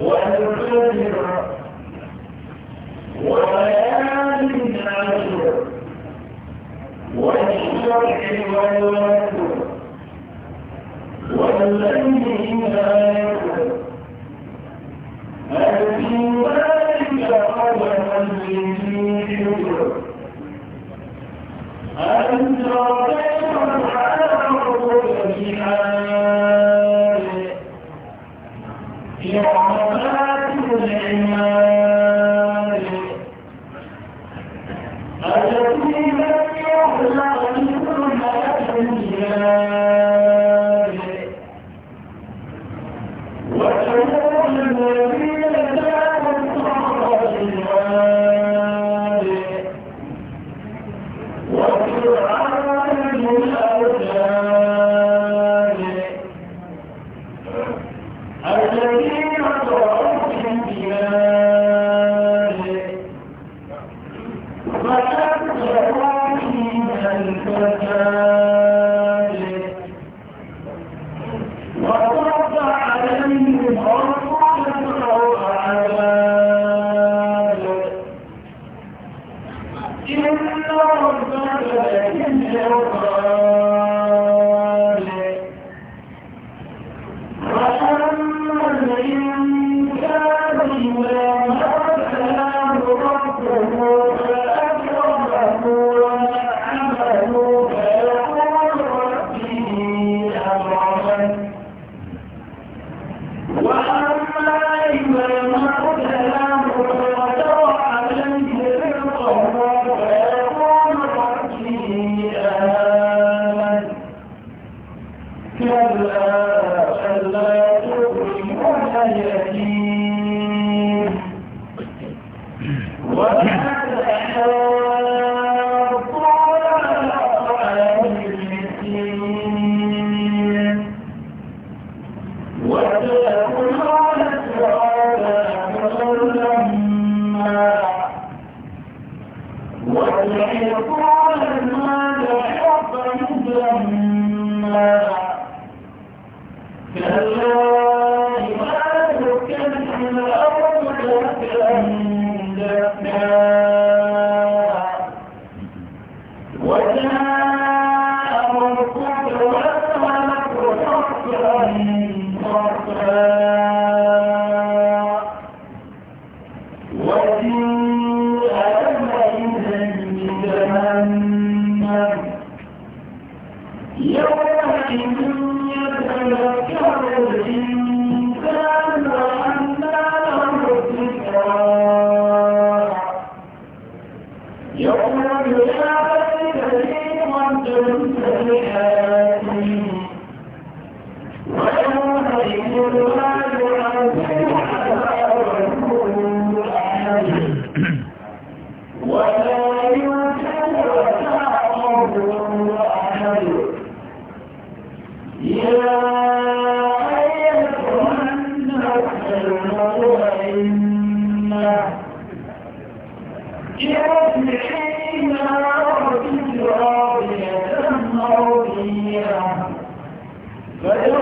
والفجر وليال العشر والشرح والوتر والليل إذا يسر هل في ذلك خلقا لذي شكر أنت رأيت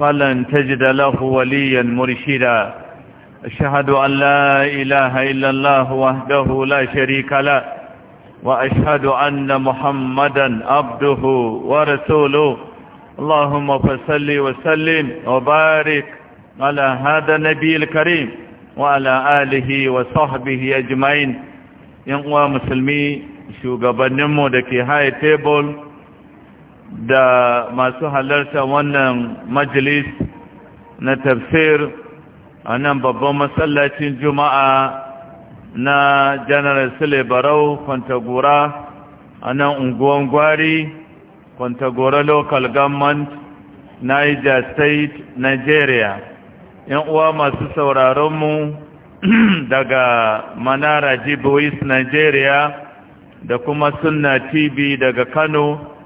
فلن تجد له وليا مرشدا أشهد أن لا إله إلا الله وحده لا شريك له وأشهد أن محمدا عبده ورسوله اللهم فصل وسلم وبارك على هذا النبي الكريم وعلى آله وصحبه أجمعين ينقوى مسلمي شو قبنمو دكي هاي تيبول da masu halarta wannan majalis na tafsir a nan babban masallacin juma'a na Janaral sule barau kwantagora a nan unguwan gwari kwantagora local government niger state nigeria yan uwa masu sauraronmu daga manara jibois nigeria da kuma sunna tv daga kano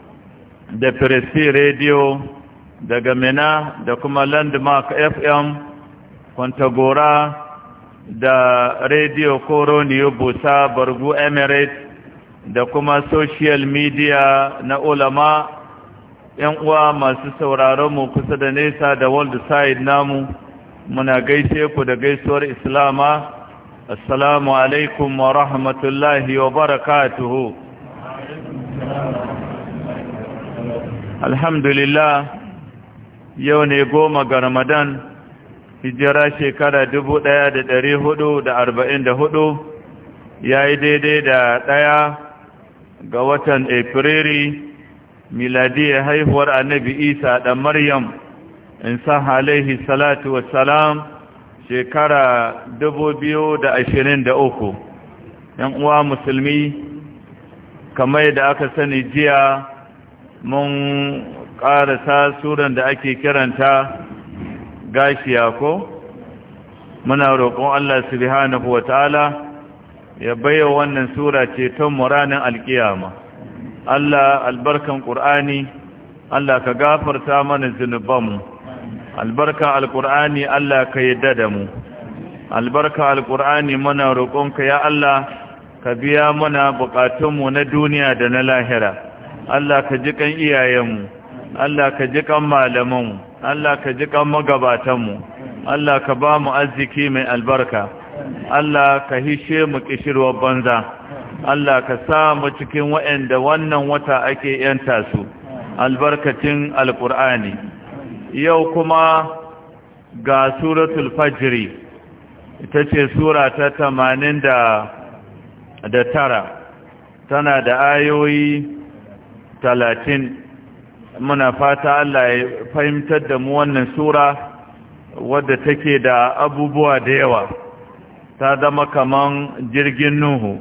da presi radio daga Minna da kuma landmark fm kwantagora da radio koroniyo busa bargu emirates da kuma social media na ulama yan uwa masu sauraron mu kusa da nesa da world side namu muna gaishe ku da gaisuwar islama assalamu alaikum wa rahmatullahi wa barakatuhu alhamdulillah yau ne goma ga ramadan hijira shekara hudu ya yi daidai da ɗaya ga watan afiriri miladiyar haihuwar annabi isa da maryam in san halayhi salatu wassalam shekara uku. yan uwa musulmi kamar da aka sani jiya mun ƙarasa suran da ake kiranta gashiya ko muna roƙon Allah subhanahu wa ta'ala ya baiwa wannan sura ce ton muranin alkiyama Allah albarkan ƙur'ani Allah ka gafarta mana mu. albarkan alƙur'ani Allah ka yadda da mu albarkan alƙur'ani muna roƙonka ya Allah ka biya mana buƙatunmu na duniya da na lahira Allah ka ji kan iyayenmu Allah ka ji kan malamanmu Allah ka ji kan magabatanmu Allah ka ba mu arziki mai albarka Allah ka hishe mu kishirwar banza Allah ka sa mu cikin waɗanda wannan wata ake yanta su albarkacin alkur'ani yau kuma ga suratul fajri ita ce sura ta tamanin da tara tana da ayoyi talatin muna fata Allah ya fahimtar da mu wannan sura wadda take da abubuwa da yawa ta zama kaman jirgin nuhu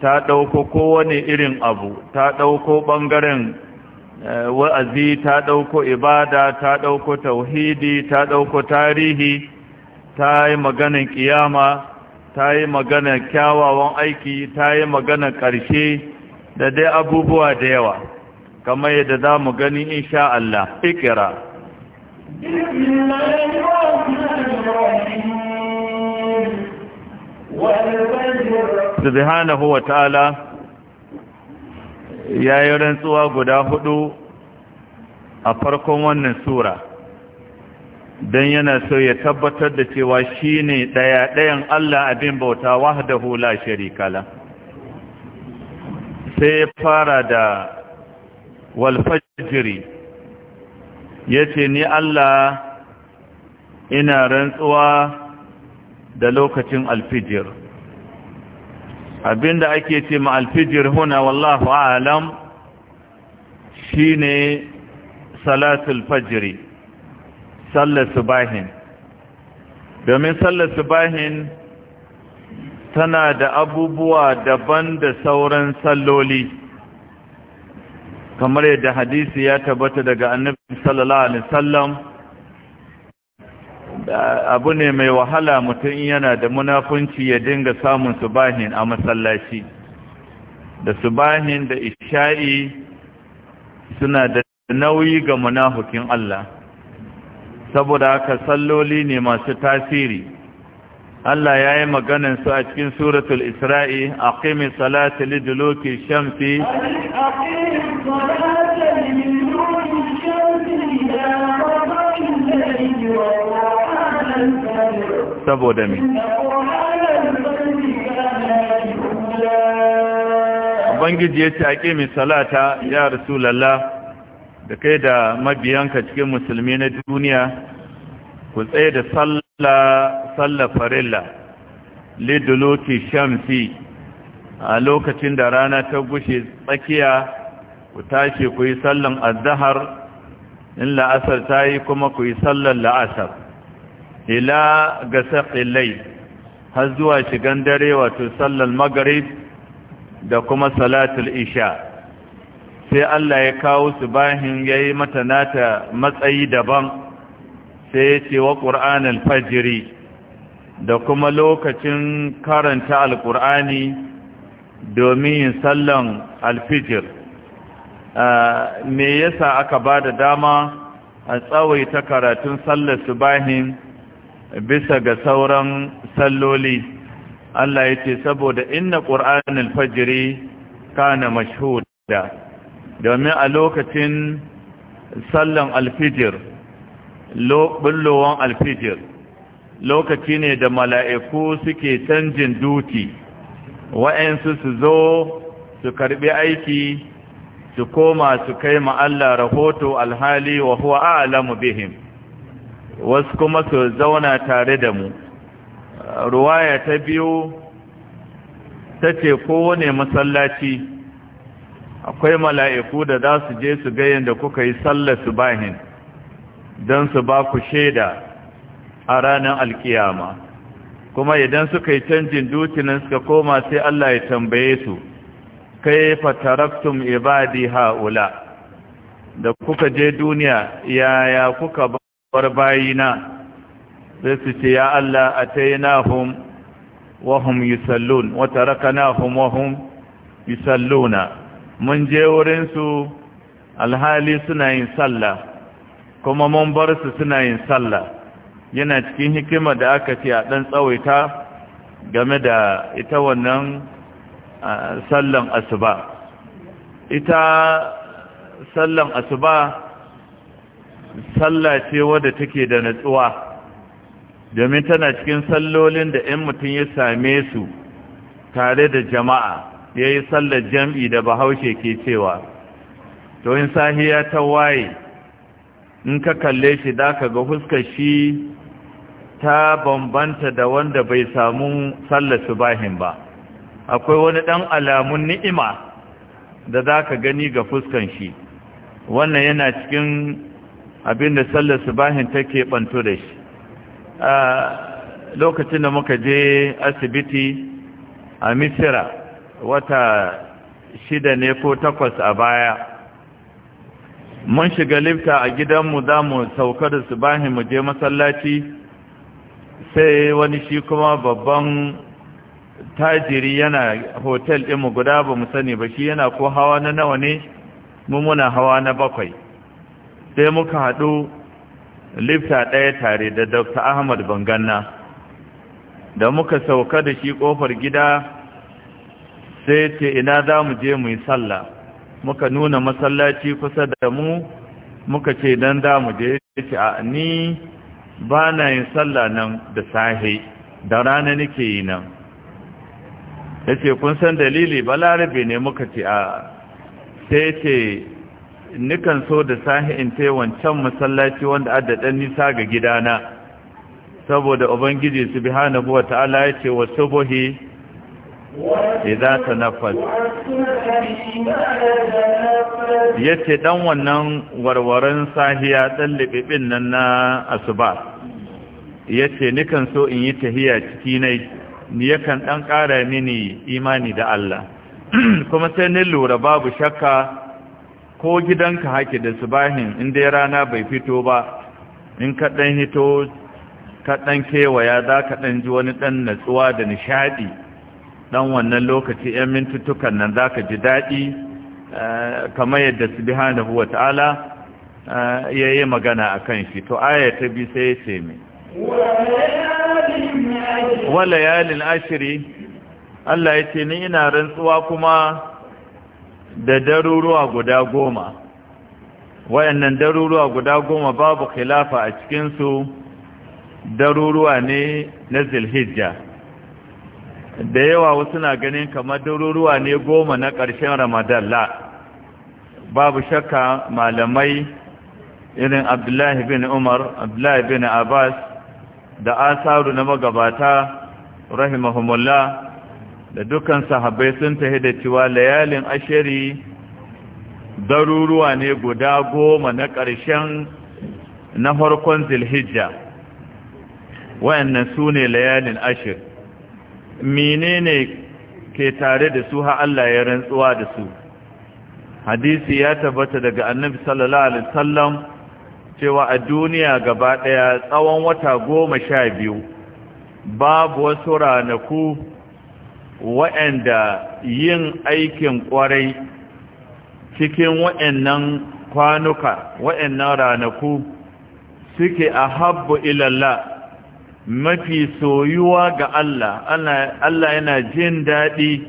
ta ɗauko kowane irin abu ta ɗauko ɓangaren eh, wa'azi ta ɗauko ibada ta ɗauko tauhidi ta ɗauko tarihi ta yi maganin ƙiyama ta yi maganin kyawawan aiki ta yi maganin ƙarshe da dai abubuwa da yawa kamar yadda za mu gani insha Allah ikira subhanahu wa ta'ala yayi rantsuwa guda hudu a farkon wannan sura Dan yana so ya tabbatar da cewa shi ne ɗaya-ɗayan Allah abin bauta wahdahu la sharika la sai ya fara da walfajiri ya ce ni Allah ina rantsuwa da lokacin alfijir abinda ake ce ma alfijir huna wallahu alam shine salatul fajiri sallar subahin domin sallar subahin tana da abubuwa daban da sauran salloli kamar yadda hadisi ya tabbata daga annabi sallallahu alaihi wasallam abu ne mai wahala mutum yana da munafunci ya dinga samun subahin a masallaci da subahin da isha'i suna da nauyi ga munafukin Allah saboda haka salloli ne masu tasiri Allah ya yi su a cikin suratul Isra'i a salati salatu liduluki shamsi saboda mi ubangiji ya ce a ƙi misalata ya lalla da kai da mabiyanka cikin musulmi na duniya ku tsaye da sallah farilla liduluki shamsi a lokacin da rana ta gushe tsakiya ku tashi ku yi sallan azahar in la'asar ta yi kuma ku yi sallan la'asar ila ga saƙilai har zuwa shigan dare wato sallan magarib da kuma salatul isha sai Allah ya kawo su bahin ya yi mata nata matsayi daban sai ya ce wa ƙur'an da kuma lokacin karanta alƙur'ani domin yin sallan alfijir Ah, me yasa aka ba da dama a tsawaita karatun sallar subahin bisa ga sauran salloli Allah ya ce saboda inna ƙur'anin fajiri kana mashhuda domin a lokacin sallan alfijir bullowan alfijir lokaci ne da mala'iku suke canjin duti wa'yansu su zo su karbi aiki su koma su kai ma Allah rahoto alhali wa huwa a'lamu bihim wasu kuma su zauna tare da mu ruwaya ta biyu ta ce kowane masallaci akwai mala'iku da za su je su gayin da kuka yi sallar su bahin don su ba ku shaida a ranar alkiyama kuma idan suka yi canjin dutinin suka koma sai Allah ya tambaye su kaifa taraktum ibadi haula da kuka je duniya yaya kuka bar bayina sai su ce ya Allah atainahum wa hum yusallun wa tarakanahum wa hum yusalluna mun je wurin su alhali suna yin sallah kuma mun bar su suna yin sallah yana cikin hikima da aka ce a dan tsawaita game da ita wannan sallan asuba ita sallan asuba salla ce wadda take da natsuwa domin tana cikin sallolin da 'yan mutum ya same su tare da jama'a ya yi sallar jam'i da bahaushe ke cewa to in sahiya ta waye in ka kalle shi da ka ga huskar shi ta bambanta da wanda bai samu sallar subahin ba akwai wani ɗan alamun ni'ima da za ka gani ga fuskan shi wannan yana cikin abin da sallar subahin take ɓanto da shi A lokacin da muka je asibiti a misira wata shida ne ko takwas a baya mun shiga lifta a gidanmu za mu sauka da subahin mu je masallaci sai wani shi kuma babban tajiri yana hotel ɗin mu guda ba mu sani ba shi yana ko hawa na nawa ne mu muna hawa na bakwai sai muka haɗu lifta ɗaya tare da dr ahmad banganna da muka sauka da shi ƙofar gida sai ce ina za mu je mu yi sallah muka nuna masallaci kusa da mu muka ce don za mu je ce a ni ba na yin sallah nan da sahi da rana nake yi nan ya ce kun san dalili ba larabe ne muka ce a sai ce nikan so da sahi'in ta wancan masallaci wanda addaɗan nisa ga gidana saboda ubangiji su bi hana buwa ta'ala ya ce wasu buhi idan ta nafas ya ce ɗan wannan warwaren sahiya ɗan liɓiɓin nan na asuba ya ce nikan so in yi tahiya ciki nai ni yakan ɗan ƙara mini imani da Allah kuma sai ni lura babu shakka ko gidanka hake da subahin in ya rana bai fito ba in ka ɗan hito ka kewaya za ka ɗan ji wani ɗan natsuwa da nishaɗi ɗan wannan lokaci 'yan mintuttukan nan za ka ji daɗi eh, kamar yadda subhanahu huwa ta'ala eh, ya yi magana a kan shi to aya ta bi sai ya ce mai wala yalin ashiri Allah ya ce ni ina rantsuwa kuma da daruruwa guda goma wayannan daruruwa guda goma babu khilafa a cikinsu daruruwa ne na zilhijja da yawa wasu na ganin kamar daruruwa ne goma na ƙarshen ramadan la babu shakka malamai irin abdullahi bin umar abdullahi bin abbas da asaru na magabata rahimahumullah da dukkan sahabbai sun tahi da cewa layalin ashiri daruruwa ne guda goma na ƙarshen na farkon zilhijja wayannan su ne layalin ashir menene ke tare da su ha Allah ya rantsuwa da su hadisi ya tabbata daga annabi sallallahu alaihi wasallam cewa a duniya gaba ɗaya tsawon wata goma sha biyu babu wasu ranaku waɗanda yin aikin ƙwarai cikin waɗannan kwanuka waɗannan ranaku suke a habbu ilalla mafi soyuwa ga Allah Allah yana jin daɗi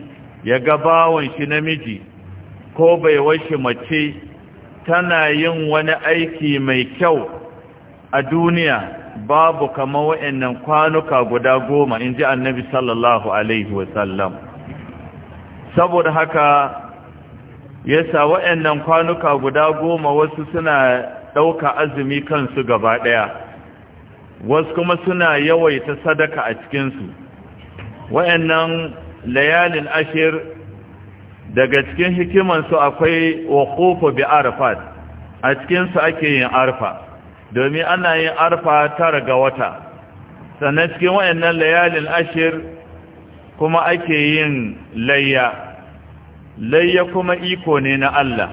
ya ga bawon shi namiji ko bai washe mace tana yin wani aiki mai kyau a duniya babu kama wa'annan kwanuka guda goma in ji annabi sallallahu alaihi wasallam saboda haka yasa wa'annan kwanuka guda goma wasu suna ɗauka azumi kansu gaba ɗaya wasu kuma suna yawaita sadaka a cikinsu wa'annan layalin ashir daga cikin hikimansu akwai wakofu bi arfat a cikinsu ake yin arfa domin ana yin arfa tara ga wata sannan cikin wayannan layalin ashir kuma ake yin layya layya kuma iko ne na Allah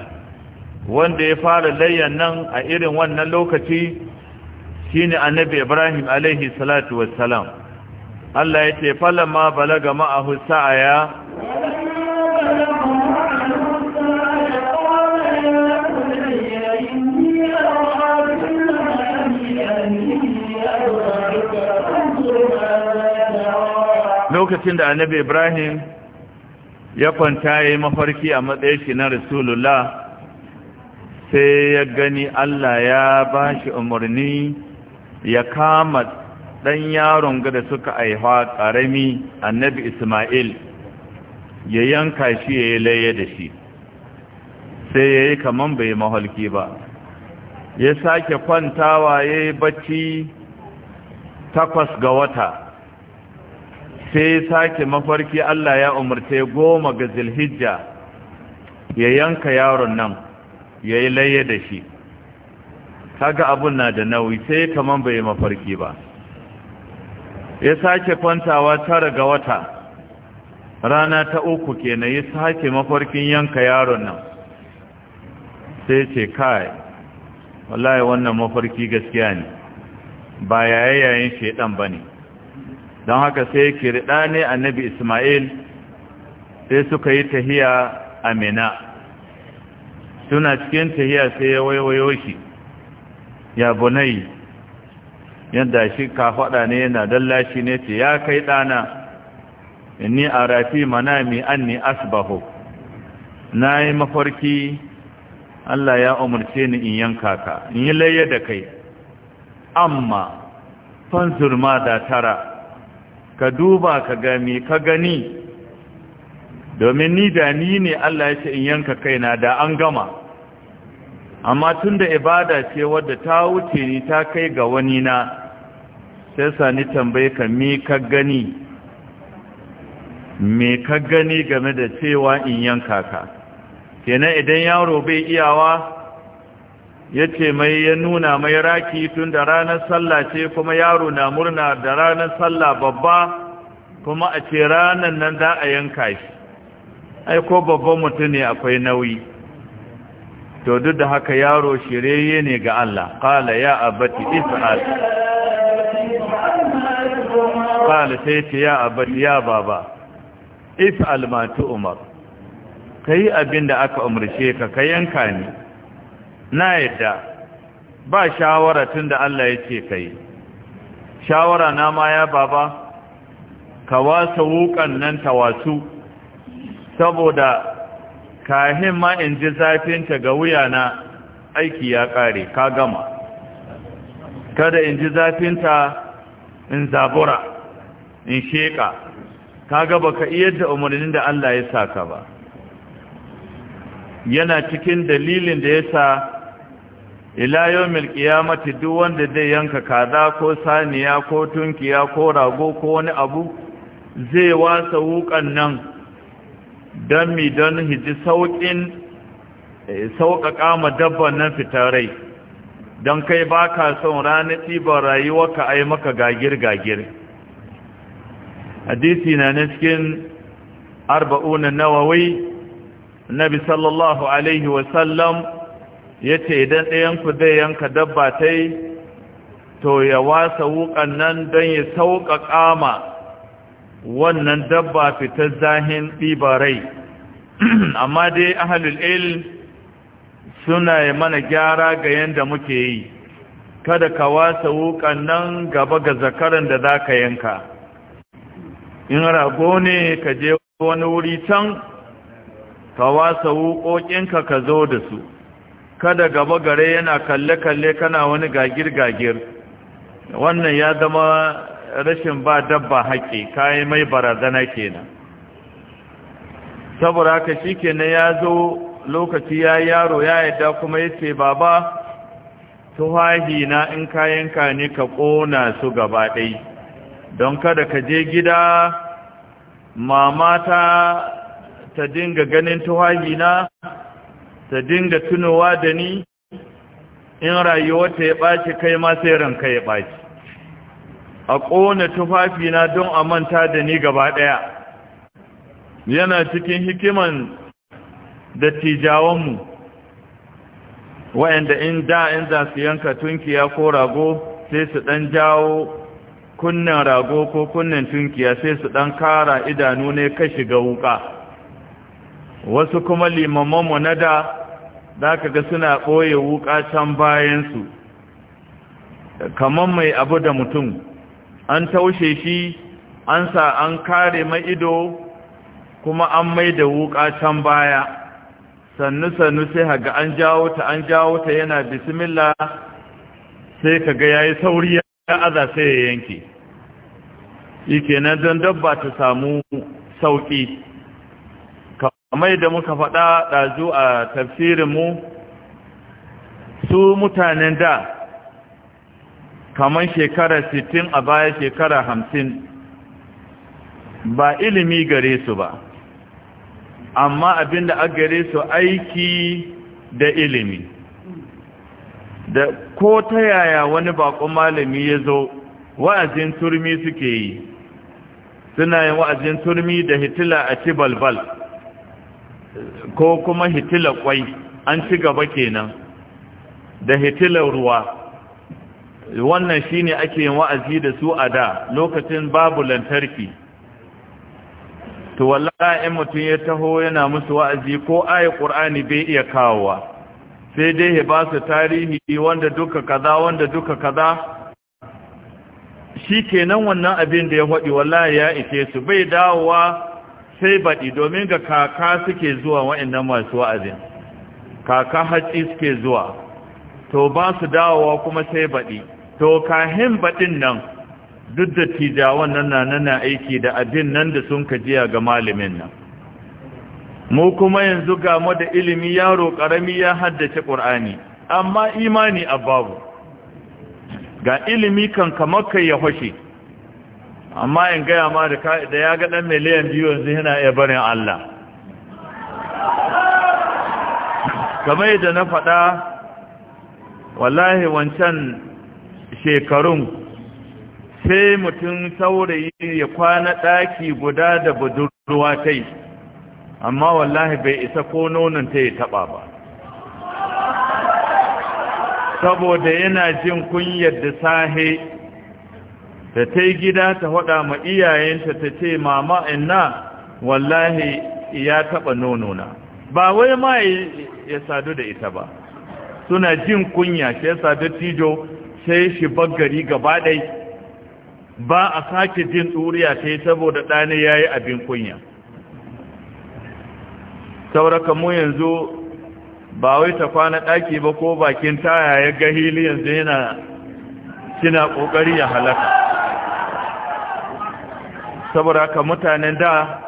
wanda ya fara layyan nan a irin wannan lokaci shine annabi Ibrahim alaihi salatu wassalam Allah ya ce falamma balagama ma'ahu sa'aya lokacin da annabi ibrahim ya kwanta ya yi mafarki a matsayin shi na rasulullah sai ya gani allah ya ba shi umarni ya kama ɗan yaron ga da suka aihuwa ƙarami annabi ismail ya yanka shi ya yi laye da shi sai ya yi kaman bai mahalki ba ya sake kwantawa ya yi bacci takwas ga wata sai sake mafarki Allah ya umarce goma ga zilhijja ya yanka yaron nan ya yi laye da shi kaga abun na da nauyi sai kaman bai mafarki ba ya sake kwantawa tara ga wata rana ta uku kenan ya sake mafarkin yanka yaron nan sai ce kai wallahi wannan mafarki gaskiya ne ba yayayen shedan bane don haka sai kirɗa ne annabi ismail sai suka yi tahiya a mina suna cikin tahiya sai ya waiwayo shi ya bunai yadda shi ka faɗa ne yana dallashi ne ce ya kai ɗana Ni a rafi manami anni asbahu na yi mafarki Allah ya umarce ni in yanka ka in yi layyar da kai amma fanzur ma da tara ka duba ka gami ka gani domin ni da ni ne Allah ya ce in yanka kaina da an gama amma tun da ibada ce wadda ta wuce ni ta kai ga wani na sai sani tambaye ka me ka gani me ka gani game da cewa in yanka ka kenan idan yaro bai iyawa ya ce mai ya nuna mai raki tun da ranar sallah ce kuma yaro na murna da ranar sallah babba kuma a ce ranar nan za a yanka shi ai ko babban mutum ne akwai nauyi to duk da haka yaro shirye ne ga Allah qala ya abati is'al qala sai ce ya abati ya baba is'al ma tu'mar umar kai abinda aka umurce ka ka yanka ni na yadda ba shawara tun da Allah ya ce ka shawara na ma ya baba ka wasa wukan nan ta wasu saboda kahin ma in ji zafinta ga wuyana aiki ya kare ka gama kada in ji zafinta in zabura in sheƙa ka gaba ka iya da umarnin da Allah ya ka ba yana cikin dalilin da ya sa ila yawmil qiyamati duk wanda zai yanka kaza ko saniya ko tunkiya ko rago ko wani abu zai wasa wukan nan don mi don hiji saukin eh, sauƙaƙa ma dabban nan fitarai don kai ba ka son rana ɗiban rayuwa ka ai maka gagir-gagir hadisi na cikin arba'unan nawawi nabi sallallahu alaihi wasallam ya ce idan ɗayanku zai yanka dabba ta yi to ya wasa wukan nan don ya sauƙaƙa ma wannan dabba fitar zahin ɗibarai amma dai ahalul il suna yi mana gyara ga yadda muke yi kada ka wasa wukan nan gaba ga zakaran da za ka yanka in rago ne ka je wani wuri can ka wasa wukokinka ka zo da su kada gaba gare yana kalle-kalle kana wani gagir-gagir wannan ya zama rashin ba dabba haƙƙi kayan mai barazana kenan saboda haka shi kenan ya zo lokaci ya yaro ya yadda kuma ya ce baba tuhahi na in kayanka ne ka ƙona su gaba ɗai don kada ka je gida mamata ta dinga ganin tuhahi na ta dinga tunowa da ni in rayuwa ta ya ɓaci kai ma sai ranka ya ɓaci a ƙona tufafina don a manta da ni gaba ɗaya yana cikin hikiman da tijawanmu wa'anda in da in za su yanka tunkiya ko rago sai su ɗan jawo kunnen rago ko kunnen tunkiya sai su ɗan kara idanu ne ka shiga wuƙa wasu kuma limamanmu na da za ka ga suna ɓoye wuka can bayansu kamar mai abu da mutum an taushe shi an sa an kare mai ido kuma an mai da wuƙa can baya sannu-sannu sai haga an jawo ta an jawo ta yana bismillah sai kaga yayi sauri ya aza sai ya yanke shi kenan don dabba ta samu sauƙi kamar yadda muka faɗa ɗazu a tafsirinmu su mutanen da kamar shekara sittin a baya shekara hamsin ba ilimi gare su ba amma abinda a gare su aiki da ilimi da ko ta yaya wani bakon malami ya zo wa'azin turmi suke yi suna yin wa'azin turmi da hitila a cibalbal balbal ko kuma hitila kwai an ci gaba kenan da hitilar ruwa wannan shine ake yin wa'azi da su a da lokacin babu lantarki to wallahi in mutum ya taho yana musu wa'azi ko ayi qur'ani bai iya kawowa sai dai ya ba su tarihi wanda duka kaza wanda duka kaza Shi kenan wannan abin da ya faɗi wallahi ya ike su bai dawowa sai baɗi domin ga kaka suke zuwa waɗannan masu wa'azin kaka hatsi suke zuwa to ba su dawowa kuma sai baɗi to kahin baɗin nan duk da tijawan nan na na aiki da abin nan da sun jiya ga malamin nan mu kuma yanzu ga da ilimi yaro ƙarami ya haddace ƙur'ani amma imani a babu ga ilimi kan kamar kai ya hoshe amma in gaya ma da ya ga ɗan miliyan biyu yanzu yana iya barin Allah kamar yadda na faɗa wallahi wancan shekarun sai mutum saurayi ya kwana ɗaki guda da budurwa yi amma wallahi bai isa ko nonon ta ya taɓa ba saboda yana jin kunyar da sahe ta ta gida ta hada ma iyayenta ta ce mama inna wallahi ya taba nonona ba wai ma ya sadu da ita ba suna jin kunya sai sadu tijo sai shi baggari gaba dai ba a sake jin tsuriya ta yi saboda ɗani ya yi abin kunya sauraka mu yanzu ba wai ta kwana ɗaki ba ko bakin taya ya ga hili yanzu yana kina ƙoƙari ya halaka saboda ka mutanen da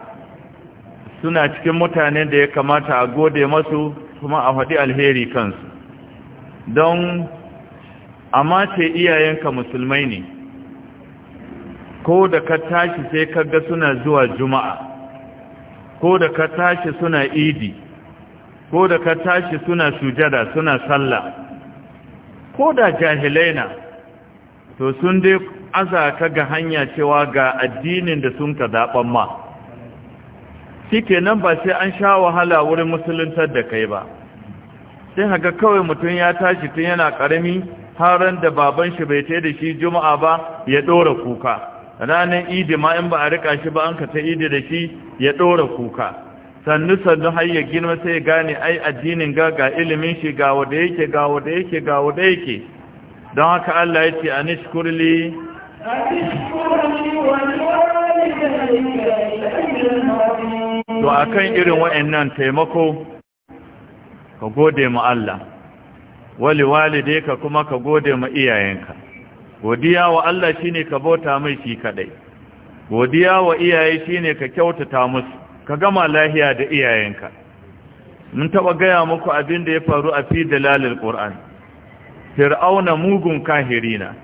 suna cikin mutanen da ya kamata a gode masu kuma a faɗi alheri kansu don amma ce iyayenka musulmai ne ko da ka tashi sai kaga suna zuwa juma'a ko da ka tashi suna idi ko da ka tashi suna sujada suna sallah ko da jahilaina to sun dai aza ka ga hanya cewa ga addinin da sun ka zaɓen ma shi kenan ba sai an sha wahala wurin musuluntar da kai ba sai haka kawai mutum ya tashi tun yana ƙarami haran da baban shi bai tai da shi juma'a ba ya ɗora kuka ranar idi ma in ba a riƙa shi ba an ka ta idi da shi ya ɗora kuka sannu sannu har ya girma sai ya gane ai addinin ga ga ilimin shi ga wanda yake ga wanda yake ga wanda yake don haka Allah ya ce kurli to a kan irin wa'annan taimako ka gode ma Allah wali walide ka kuma ka gode ma iyayenka godiya wa Allah shi ne ka bauta mai shi kaɗai. godiya wa iyaye shi ne ka kyautata musu ka gama lahiya da iyayenka mun taɓa gaya muku abin da ya faru a fi dalalil fir'auna mugun kahirina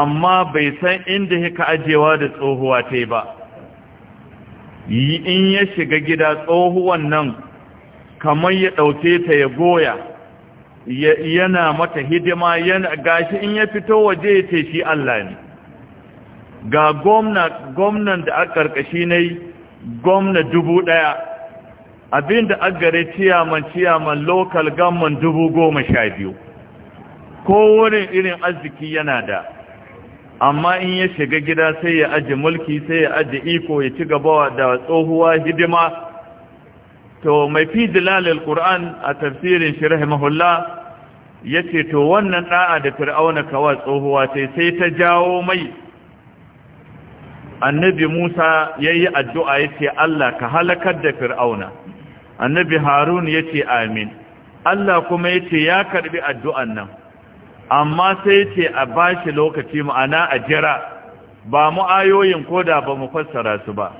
amma bai san inda hika ajewa da tsohuwa ta ba in ya shiga gida tsohuwan nan kamar ya ɗauke ta ya goya yana mata hidima yana gashi in ya fito waje ya ce shi Allah ne ga gwamnan da a ƙarƙashi na yi gwamna dubu ɗaya abinda aka gare ciyaman ciyaman lokal gamman dubu goma sha biyu ko wurin irin arziki yana da amma in ya shiga gida sai ya aji mulki sai ya aji iko ya ci gaba da tsohuwa hidima to mai fi dilalil qur'an a tafsirin shi rahimahullah yace to wannan da'a da fir'auna kawa tsohuwa sai sai ta jawo mai annabi Musa yayi addu'a yace Allah ka halakar da fir'auna annabi Harun yace amin Allah kuma yace ya karbi addu'an nan amma sai ce a ba shi lokaci ma'ana a jira ba mu ayoyin da ba mu fassara su ba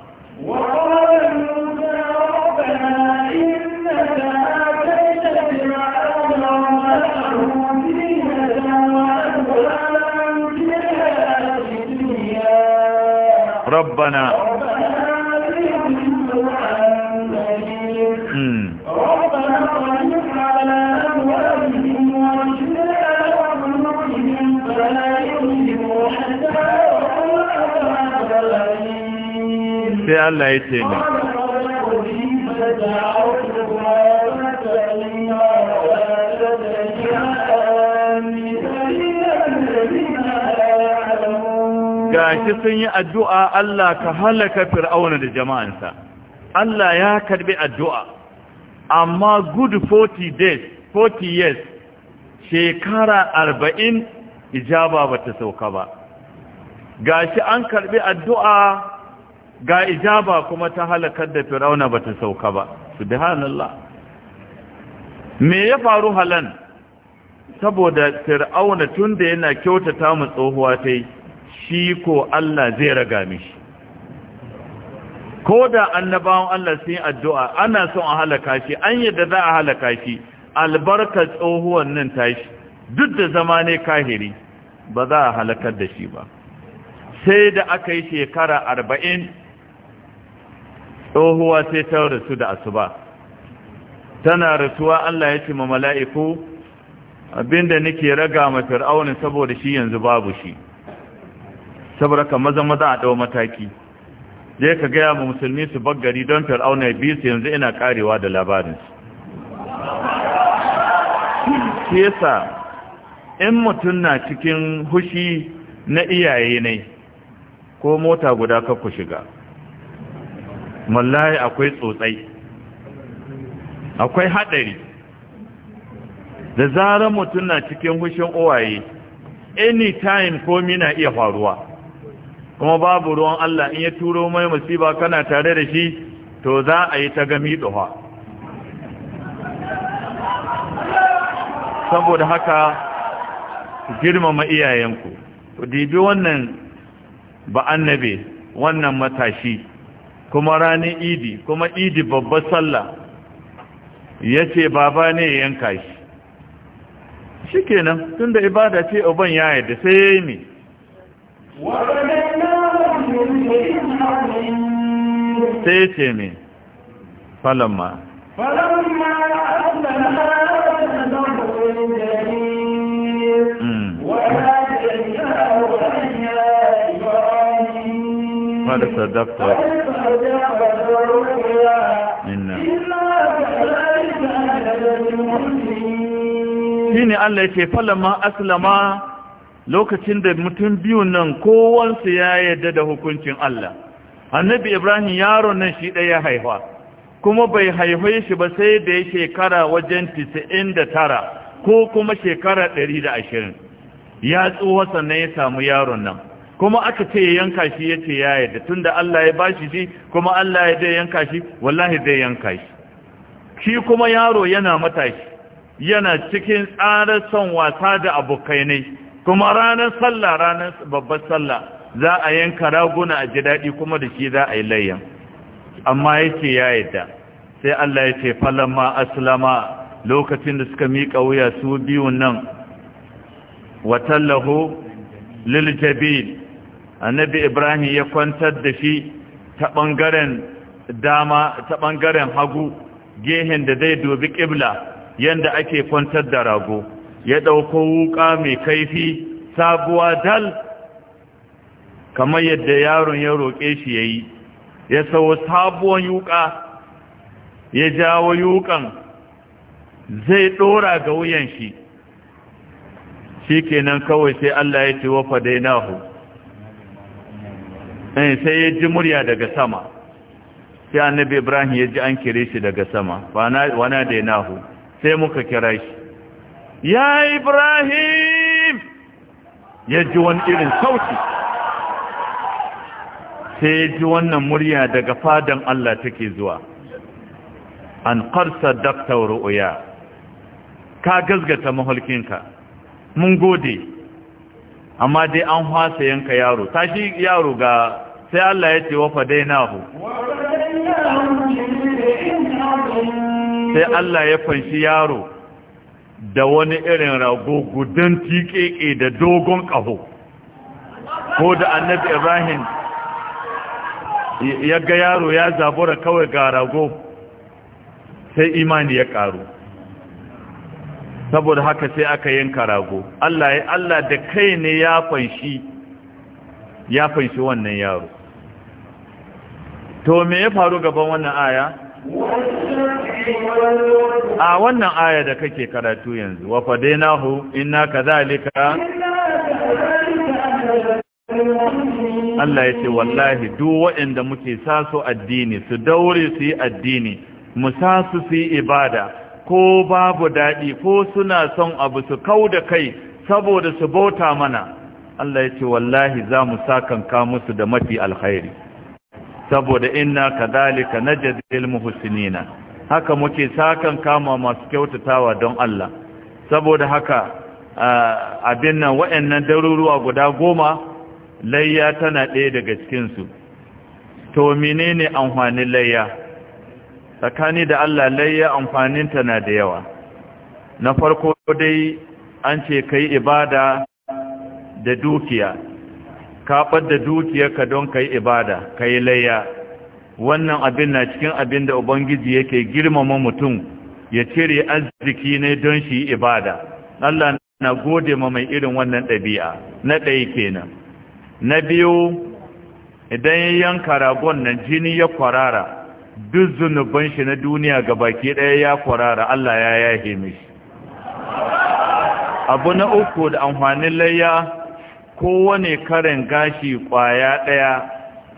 ربنا sai Allah ya ce ne gashi sun yi addu'a Allah ka halaka fir'auna da jama'ansa Allah ya karbi addu'a amma good 40 days 40 years shekara 40 ijaba bata sauka ba gashi an karbi addu'a ga ijaba kuma ta halakar da firauna ba ta sauka ba subhanallah me ya faru halan saboda fir'auna tunda yana kyautata mu tsohuwa tai shi ko Allah zai raga mishi ko da annabawan Allah sun addu'a ana son a halaka shi an yadda za a halaka shi albarka tsohuwan nan tashi duk da zama ne kahiri ba za a halakar da shi ba sai da aka yi shekara arba'in tsohuwa sai ta rasu da asuba tana rasuwa Allah ya ce ma mala'iku abinda nake raga ma fir'auna saboda shi yanzu babu shi saboda ka maza maza a ɗau mataki je ka gaya ma musulmi su baggari don fir'auna biyu su yanzu ina karewa da labarinsu shi in mutum na cikin hushi na iyaye ne ko mota guda ku shiga Mallaye akwai tsotsai akwai haɗari da zarar mutum na cikin hushin owaye anytime komi na iya faruwa kuma babu ruwan Allah in ya turo mai musiba kana tare da shi to za a yi ta gami saboda haka girmama iyayenku ku dibi wannan ba annabe wannan matashi kuma ranar idi kuma idi babbar sallah ya ce baba ne ya yanka shi shi kenan tun da ibada ce oban ya yadda sai ya yi ne sai ya ce ne falamma falamma Mada hmm. sadakta. shine Allah ya ce falama aslama lokacin da mutum biyu nan kowansu ya yarda da hukuncin Allah annabi Ibrahim yaro nan shi ɗaya haihuwa kuma bai haihu shi ba sai da ya shekara wajen da tara ko kuma shekara 120 ya tsuwa sannan ya samu yaron nan kuma aka ce ya yanka shi ya ce ya yarda tunda Allah ya bashi shi kuma Allah ya zai yanka shi wallahi zai yanka shi shi kuma yaro yana matashi yana cikin tsarar son wasa da abokai ne kuma ranar sallah ranar babbar sallah za a yanka raguna a ji daɗi kuma da shi za a yi layyan amma ya ce ya yarda sai Allah ya ce falamma aslama lokacin da suka miƙa wuya su biyun nan watallahu liljabil annabi ibrahim ya kwantar da shi ta ɓangaren dama ta ɓangaren hagu gehen da zai dobi ƙibla yadda ake kwantar da rago ya ɗauko wuƙa mai kaifi sabuwa dal kamar yadda yaron ya roƙe shi ya yi ya sau sabuwan yuka ya jawo yukan zai ɗora ga wuyan shi shi kenan kawai sai Allah ya ce wafa dainahu Eh, sai ya ji murya daga sama sai annabi ibrahim ya ji an kire shi daga sama wana da nahu sai muka kira shi ya ibrahim ya ji wani irin sauti sai ya ji wannan murya daga fadan allah take zuwa an karsa daktar ru'uya ka gazgata mahulkinka mun gode amma dai an hwasa yanka yaro tashi yaro ga sai Allah ya ce wa fadainahu sai Allah ya fanshi yaro da wani irin rago gudan tiƙeƙe da dogon ƙaho ko da annabi Ibrahim ya ga yaro ya zabura kawai ga rago sai imani ya ƙaru saboda haka sai aka yanka rago Allah Allah da kai ne ya fanshi ya fanshi wannan yaro to me ya faru gaban wannan aya a wannan aya da kake karatu yanzu wa fadainahu inna kadhalika Allah ya wallahi duk waɗanda muke sasu addini su daure su yi addini mu saso su yi ibada ko babu daɗi ko suna son abu su kau da kai saboda su bauta mana Allah ya wallahi za mu ka musu da mafi alkhairi saboda inna kadhalika najzil muhsinina haka muke sakan kama masu kyautatawa don Allah saboda haka abin nan waɗannan daruruwa guda goma layya tana ɗaya daga cikinsu to menene amfanin layya tsakani da Allah layya amfaninta na da yawa na farko dai an ce kai ibada da dukiya ka da dukiyarka don ka yi ibada ka yi layya wannan abin na cikin abin da ubangiji yake girmama mutum ya cire arziki ne don shi ibada Allah na gode ma mai irin wannan ɗabi'a na ɗaya kenan na biyu idan ya yanka ragon nan jini ya kwarara duk zunuban shi na duniya ga baki ɗaya ya kwarara Allah ya yahe mishi abu na uku da amfanin layya kowane karin gashi kwaya ɗaya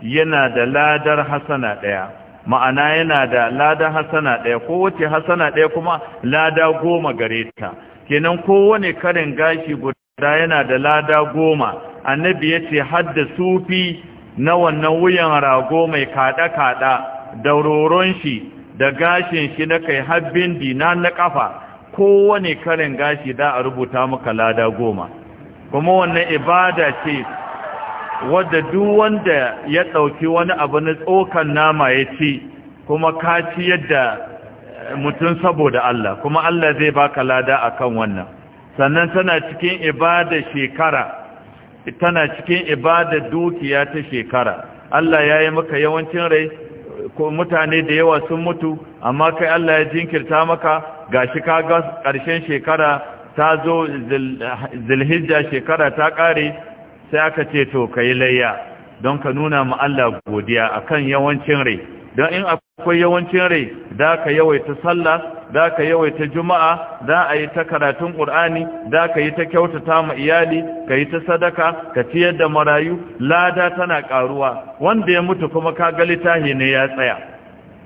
yana da ladar hasana ɗaya ma'ana yana da lada hasana ɗaya wace hasana ɗaya kuma lada goma gare ta kenan kowane karin gashi guda yana da lada goma annabi ya ce hadda sufi na wannan wuyan rago mai kaɗa-kaɗa da roron shi da gashin shi na kai habbin dina na ƙafa kowane karin gashi da a rubuta maka lada goma kuma wannan ibada ce wadda duk wanda ya ɗauki wani abu na tsokan nama ya ci kuma ka ci yadda eh, mutum saboda Allah kuma Allah zai baka lada akan wannan sannan tana cikin ibada shekara tana cikin ibada dukiya ta shekara Allah ya yi maka yawancin rai ko mutane da yawa sun mutu amma kai Allah ya jinkirta maka gashi ka ga karshen shekara ta zo zilhijja shekara ta ƙare sai aka ce to ka yi layya don ka nuna ma Allah godiya akan yawancin rai don in akwai yawancin rai za ka yawaita sallah za ka yawaita juma'a za a yi ta karatun ƙur'ani za ka yi ta kyautata ma iyali ka yi ta sadaka ka ciyar da marayu lada tana ƙaruwa wanda ya mutu kuma ka ga littafi ne ya tsaya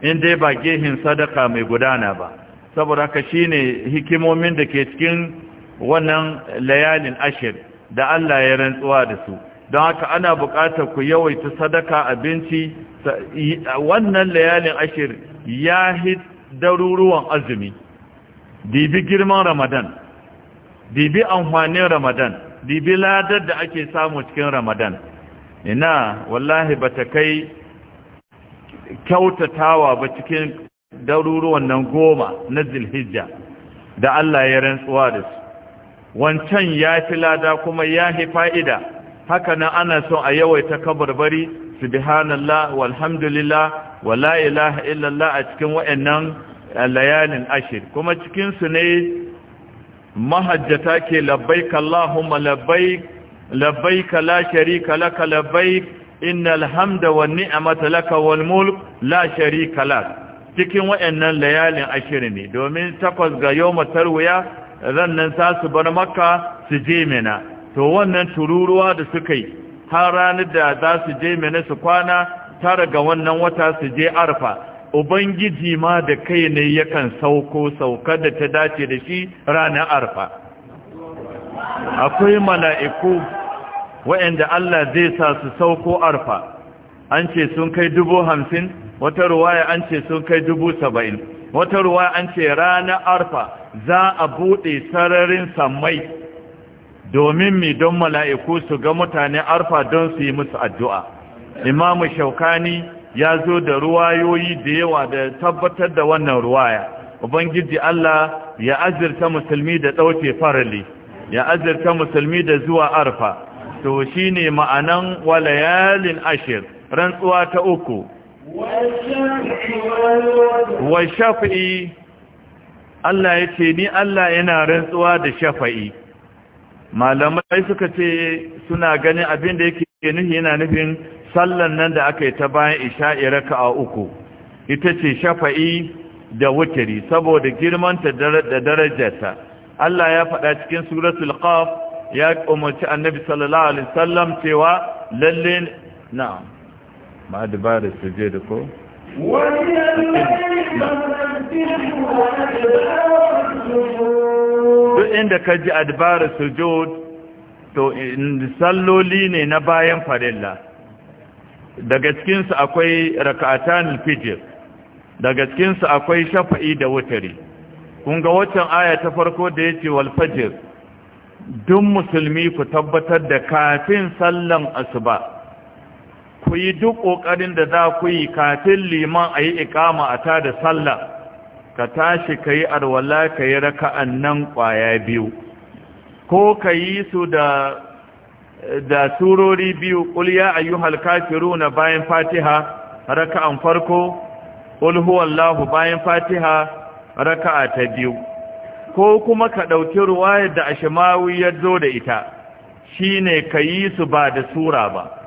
in dai ba gehin sadaka mai gudana ba saboda ka shine hikimomin da ke cikin wannan layalin ashir da Allah ya rantsuwa da su don haka ana bukatar ku yawaita sadaka abinci wannan layalin ashir ya hit daruruwan azumi dibi girman ramadan dibi amfanin ramadan dibi ladar da ake samu cikin ramadan ina wallahi ba ta kai kyautatawa ba cikin daruruwan nan goma na zilhijja da Allah ya rantsuwa da su wancan ya fi lada kuma ya fi fa'ida haka nan ana son a yawaita kabarbari subhanallah walhamdulillah wa ilaha illallah a cikin wayannan layalin ashir kuma cikin su ne mahajjata ke labbaik Allahumma labbaik labbaik la sharika laka labbaik innal hamda wan ni'mata laka wal mulk la sharika lak cikin waɗannan layalin ashirin ne domin takwas ga yau matarwuya zannan za su bar maka su je mina to wannan tururuwa da suka yi har ranar da za su je mina su kwana tara ga wannan wata su je arfa ubangiji ma da kai ne yakan sauko saukar da ta dace da shi ranar arfa akwai mala'iku waɗanda Allah zai sa su sauko arfa an ce sun kai dubu hamsin wata ruwaya an ce sun kai dubu saba'in wata ruwaya an ce ranar arfa za a buɗe sararin sammai domin mi don mala'iku su ga mutane arfa don su yi musu addu'a imamu shaukani ya zo da ruwayoyi da yawa da tabbatar da wannan ruwaya ubangiji Allah ya azirta musulmi da ɗauke farali ya azirta musulmi da zuwa arfa to shine ma'anan walayalin ashir rantsuwa ta uku wa shafi'i Allah ya ce ni Allah yana rantsuwa da shafa'i malamai suka ce suna ganin abin da yake nufi yana nufin sallan nan da aka yi ta bayan isha'i a uku ita ce shafa'i da wutari saboda girmanta da darajarta Allah ya faɗa cikin suratul qaf ya umarci annabi sallallahu alaihi wasallam cewa lalle na'am ma je da ko duk inda ka ji adbar sujud to salloli ne na bayan farilla daga cikinsu akwai raka'atan fijir daga cikinsu akwai shafa'i da wutari kun ga waccan aya ta farko da ya ce walfajir duk musulmi ku tabbatar da kafin sallan asuba ku yi duk ƙoƙarin da za ku yi kafin liman a yi ikama a ta da sallah ka tashi ka yi arwala ka yi raka'an nan ƙwaya biyu ko ka yi su da da surori biyu ƙul ya ayyuhal kafiruna bayan fatiha raka'an farko ƙul bayan fatiha raka'a ta biyu ko kuma ka ɗauki ruwayar da ashimawi ya zo da ita shine ka yi su ba da sura ba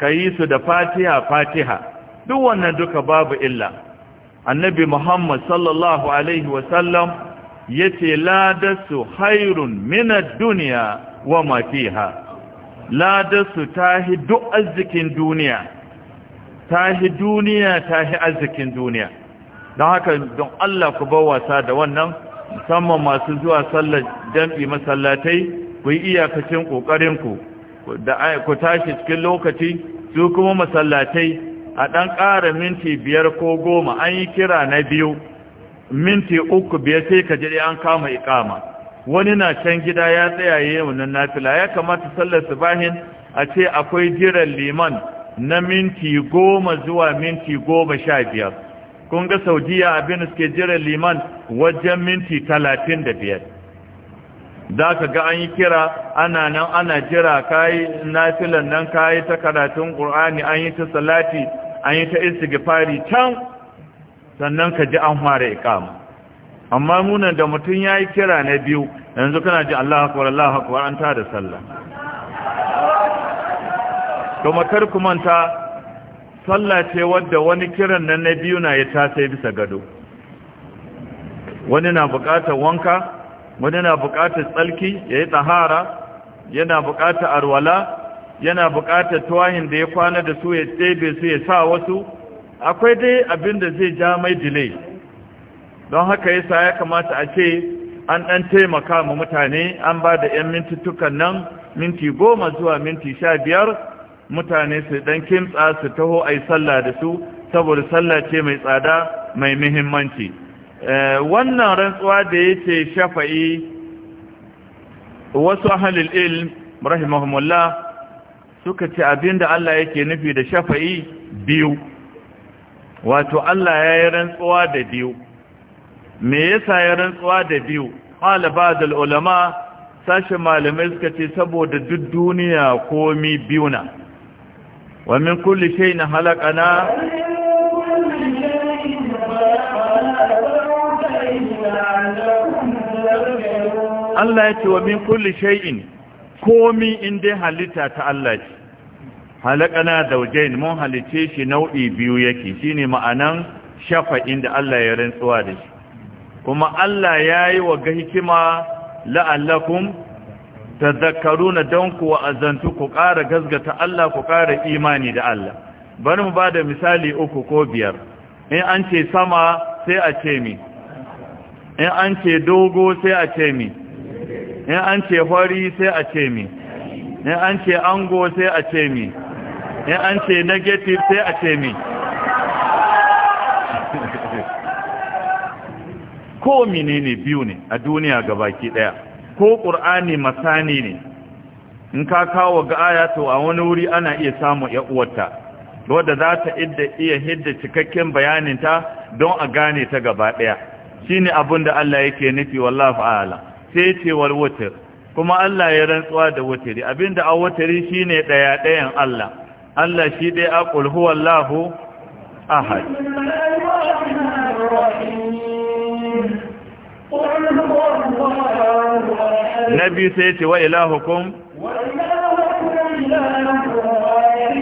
ka yi su da fatiha fatiha duk wannan duka babu illa annabi muhammad sallallahu alaihi wasallam ya ce ladarsu hairun minar duniya wa mafiha ladarsu ta hi duk arzikin duniya ta hi duniya ta hi arzikin duniya don haka don allah ku bar wasa da wannan musamman masu zuwa sallar jam'i masallatai ku yi iyakacin ƙoƙarinku da ai ku tashi cikin lokaci su kuma masallatai a ɗan ƙara minti biyar ko goma an yi kira na biyu minti uku biyar sai ka jiri an kama ikama wani na can gida ya tsayaye wannan nafila ya kamata sallar subahin a ce akwai jiran liman na minti goma zuwa minti goma sha biyar kun ga saudiya abin suke jiran liman wajen minti talatin da biyar da ka ga an yi kira ana nan ana jira kayi nafilan nan kayi ta karatun ƙur'ani an yi ta salati an yi ta istighfari can sannan ka ji an fara iqama amma munan da mutum yayi kira na biyu yanzu kana ji Allahu akbar Allahu akbar an ta da sallah to kar ku manta sallah ce wadda wani kiran nan na biyu na ya tasai bisa gado wani na buƙatar wanka wani na buƙatar tsalki ya yi tsahara yana buƙatar arwala yana buƙatar tuwahin da ya kwana da su ya tsebe su ya sa wasu akwai dai abin da zai ja mai dile don haka yasa ya kamata a ce an ɗan taimaka ma mutane an ba da 'yan mintuttukan nan minti goma zuwa minti sha biyar mutane su ɗan kimtsa su taho a yi sallah da su saboda sallah ce mai tsada mai muhimmanci Eh, wannan rantsuwa da yake shafa'i wasu ahalil ilm rahimahumullah suka ce abinda Allah yake nufi da shafa'i biyu wato Allah ya yi rantsuwa da biyu me yasa ya rantsuwa da biyu qala ba'd ulama sashi malamai suka ce saboda duk duniya komi biyu na wa min kulli shay'in halaqana Allah ya ce wa min kulli shay'in komi in dai halitta ta Allah ce halakana zaujain mun halice shi nau'i biyu yake shine ma'anan shafa'in da Allah ya rantsuwa da shi kuma Allah ya yi wa ga hikima la'allakum tadhakkaruna don ku azantu ku ƙara gazgata Allah ku ƙara imani da Allah bari mu bada misali uku ko biyar in an ce sama sai a ce mi in an ce dogo sai a ce mi in an ce fari sai a ce mi in an ce ango sai a ce mi in an ce negative sai a ce mi ko menene biyu ne a duniya gabaki daya ko qur'ani masani ne in ka kawo ga aya to a wani wuri ana iya samu ya uwarta wadda za ta iya hidda cikakken bayaninta don a gane ta gaba daya shine abin da Allah yake nufi wallahi fa'ala sai ce wal kuma Allah ya rantsuwa da watari abinda a watari shine daya dayan Allah Allah shi dai a huwallahu ahad nabi sai ce wa ilahukum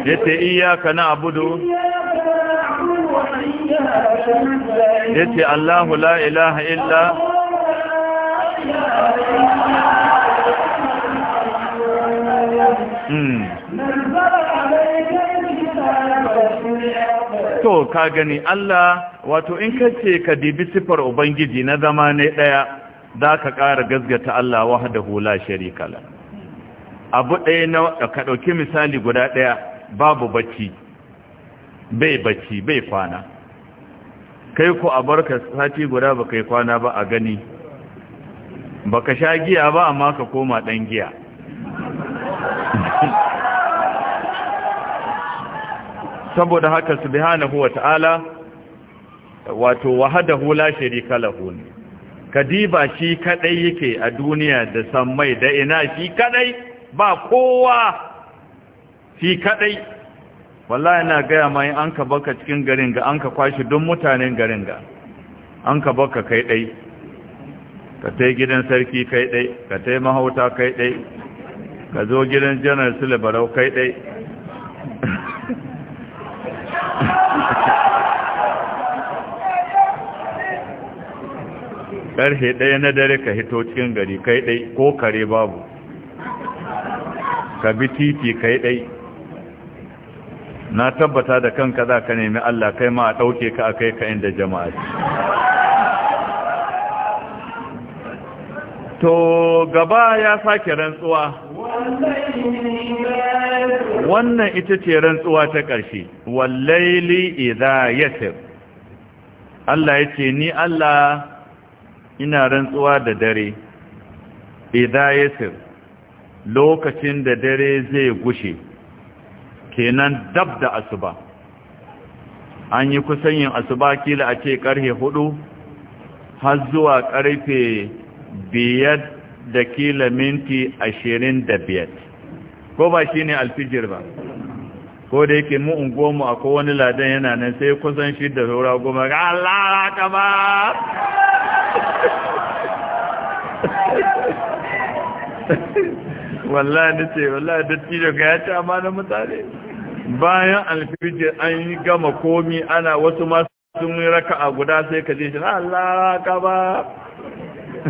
yace iyyaka na'budu yace Allahu la ilaha illa Hmm. to ka gani Allah wato in ka ce ka dibi sifar ubangiji na zama ne ɗaya za ka ƙara gazgata Allah wahdahu hula sharika la abu ɗaya na ka ɗauki misali guda ɗaya babu bacci bai bacci bai kwana kai ko a barka sati guda ba kai kwana ba a gani baka sha giya ba amma ka koma ɗan giya saboda haka subhanahu wata'ala wato wahadahu la sharika lahu kadiba shi kadai yake a duniya da san mai da ina shi kadai ba kowa shi kadai wallahi ina gaya mai an ka baka cikin garin ga an ka kwashi don mutanen garin ga an ka baka kai dai ka tai gidan sarki kai ɗai ka tai mahauta kai ɗai ka zo gidan janar silibarau kai ɗai ƙarfe ɗaya na dare ka hito cikin gari kai ɗai ko kare babu ka bi titi kai ɗai na tabbata da kanka za ka nemi Allah kai ma a ɗauke ka a kai ka inda jama'a to gaba ya sake rantsuwa wannan ita ce rantsuwa ta ƙarshe wallaili idha yasir Allah ya ni Allah ina rantsuwa da dare idha yasir lokacin da dare zai gushe kenan dab da asuba an yi kusan yin asuba kila a ce karfe hudu har zuwa karfe biyar da kila minti ashirin da biyar ko ba shi ne alfijir ba ko da yake mu ungomu a kowane ladan yana nan sai kusan shi da saura goma ga allara ta ba wallahi da ce wallahi da tijo ga ya amma na mutane bayan alfijir an yi gama komi ana wasu masu sun yi raka a guda sai ka je shi Allah ka ba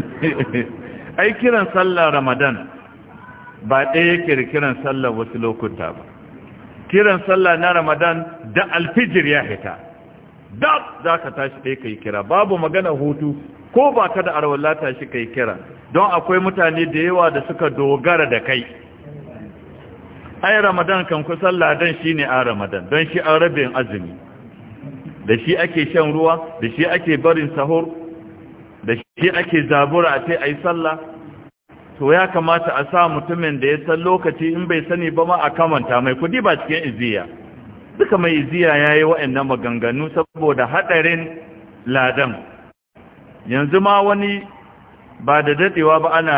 ai kiran sallah ramadan ba ɗaya yake da kiran sallah wasu lokuta ba kiran sallah na ramadan da alfijir ya hita da za ka tashi ɗaya ka yi kira babu magana hutu ko ba ka da arwallah shi ka yi kira don akwai mutane da yawa da suka dogara da kai ai ramadan kan ku sallah dan shi ne a ramadan don shi an rabin azumi da shi ake shan ruwa da shi ake barin sahur yi ake zabura a ce a yi sallah to ya kamata a sa mutumin da ya san lokaci in bai sani ba ma a kamanta mai kudi ba cikin iziya duka mai iziya ya yi wa'annan maganganu saboda haɗarin ladan yanzu ma wani ba da daɗewa ba ana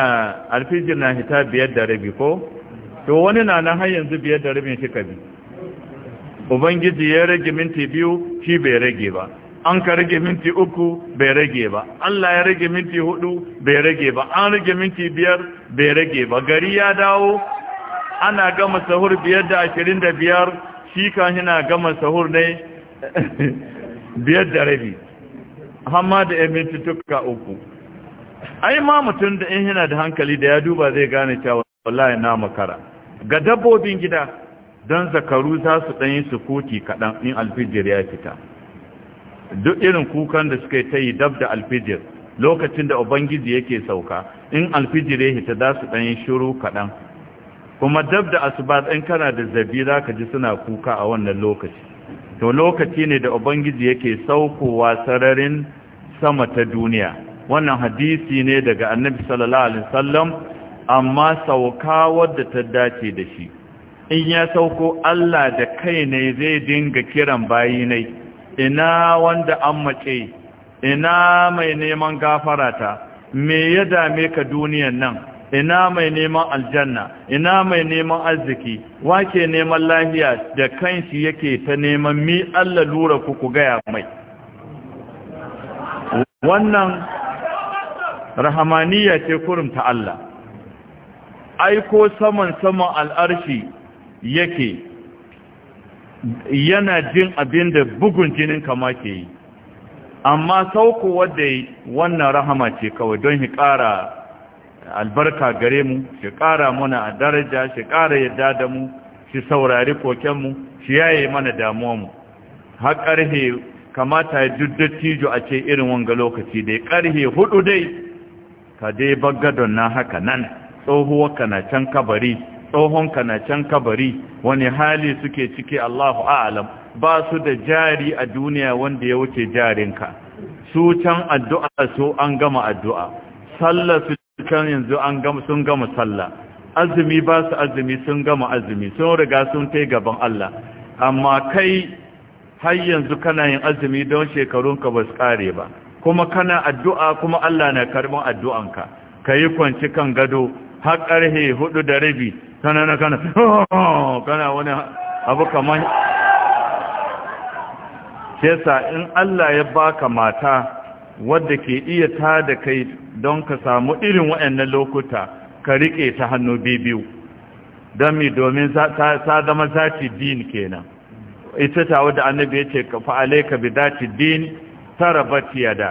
alfijir na hita biyar da rabi ko to wani na nan har yanzu biyar da rabin shi bi. ubangiji ya rage minti biyu shi bai rage ba an ka rage minti uku bai rage ba Allah ya rage minti hudu bai rage ba an rage minti biyar bai rage ba gari ya dawo ana gama sahur biyar da ashirin da biyar shi kan yana gama sahur ne biyar da rabi amma da yan minti tukka uku ai ma mutum da in yana da hankali da ya duba zai gane cewa wallahi na makara ga dabbobin gida don zakaru za su ɗanyi sukuti kaɗan in alfijir ya fita duk irin kukan da suka yi ta yi dab da alfijir lokacin da ubangiji yake sauka in alfijir ya hita za su ɗanyi shiru kaɗan kuma dab da asuba ɗan kana da zabi za ka ji suna kuka a wannan lokaci to lokaci ne da ubangiji yake saukowa sararin sama ta duniya wannan hadisi ne daga annabi sallallahu alaihi wasallam amma sauka wadda ta dace da shi in ya sauko Allah da kai ne zai dinga kiran bayinai. ina wanda an mace ina mai neman gafarata me ya dame ka duniyan nan ina mai neman aljanna ina mai neman arziki wake neman lahiya da kanshi yake ta neman mi Allah lura ku ku gaya mai wannan rahamaniya ce kurumta Allah aiko saman saman al'arshi yake yana jin abin da bugun jinin kama ke yi amma sauko wadda wannan rahama ce kawai don shi ƙara albarka gare mu shi ƙara mana a daraja shi ƙara yadda da mu shi saurari kokenmu shi yaye mana damuwa mu. har ƙarhe kamata ya juddattijo a ce irin wanga lokaci dai ƙarhe hudu dai ka dai baggadon na haka nan tsohuwa na can kabari tsohon na can kabari wani hali suke ciki Allahu a'lam ba su da jari a duniya wanda ya wuce jarinka su can addu'a su an gama addu'a sallah su can yanzu an gama sun gama sallah azumi ba su azumi sun gama azumi sun riga sun kai gaban Allah amma kai har yanzu kana yin azumi don shekarunka ba su kare ba kuma kana addu'a kuma Allah na karɓar addu'anka ka yi kwanci kan gado har karhe hudu da rabi kana na kana oh, kana wani abu kamar sa in Allah ya baka mata wadda ke iya ta da kai don ka samu irin waɗannan lokuta ka riƙe ta hannu biyu don mi domin ta zama zaci din kenan ita ta wadda annabi ya ce fa'ale ka bi zaci din tara batiya da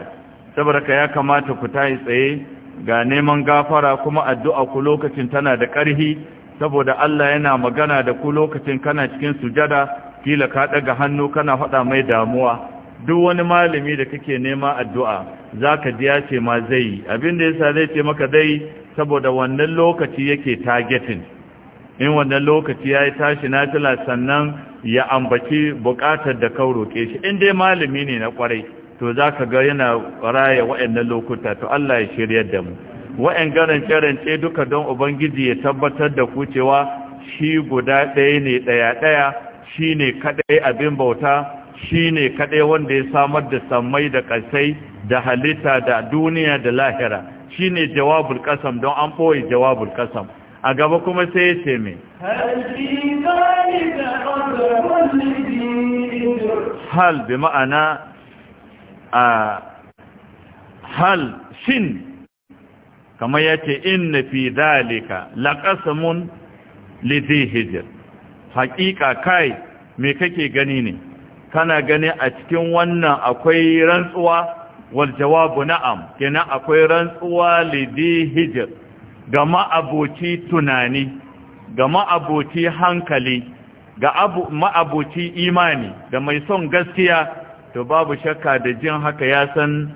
saboda ya kamata ku ta yi tsaye ga neman gafara kuma addu'a ku lokacin tana da ƙarhi saboda Allah yana magana da ku lokacin kana cikin sujada kila ka daga hannu kana faɗa mai damuwa duk wani malami da kake nema addu'a zaka ji ya ce ma zai abinda yasa zai ce maka dai saboda wannan lokaci yake targeting in wannan lokaci yayi yi tashi natila sannan ya ambaci bukatar da ka roƙe shi in dai malami ne na kwarai to zaka ga yana raye waɗannan lokuta to Allah ya shiryar da mu wa'yan garance-rance duka don ubangiji ya tabbatar da ku cewa shi guda ɗaya ne ɗaya-ɗaya shi ne kaɗai abin bauta shi ne kaɗai wanda ya samar da sammai da ƙasai da halitta da duniya da lahira shi ne jawabul ƙasam don an ɓoye jawabul ƙasam a gaba kuma sai ya ce mai hal bi ma'ana a hal shin kamar ya ce inna fi zalika laqasamun li dhi haƙiƙa kai me kake gani ne kana gani a cikin wannan akwai rantsuwa wal jawabu na'am kenan akwai rantsuwa li hijr ga ma'aboci tunani ga aboci hankali ga abu ma'aboci imani da mai son gaskiya to babu shakka da jin haka ya san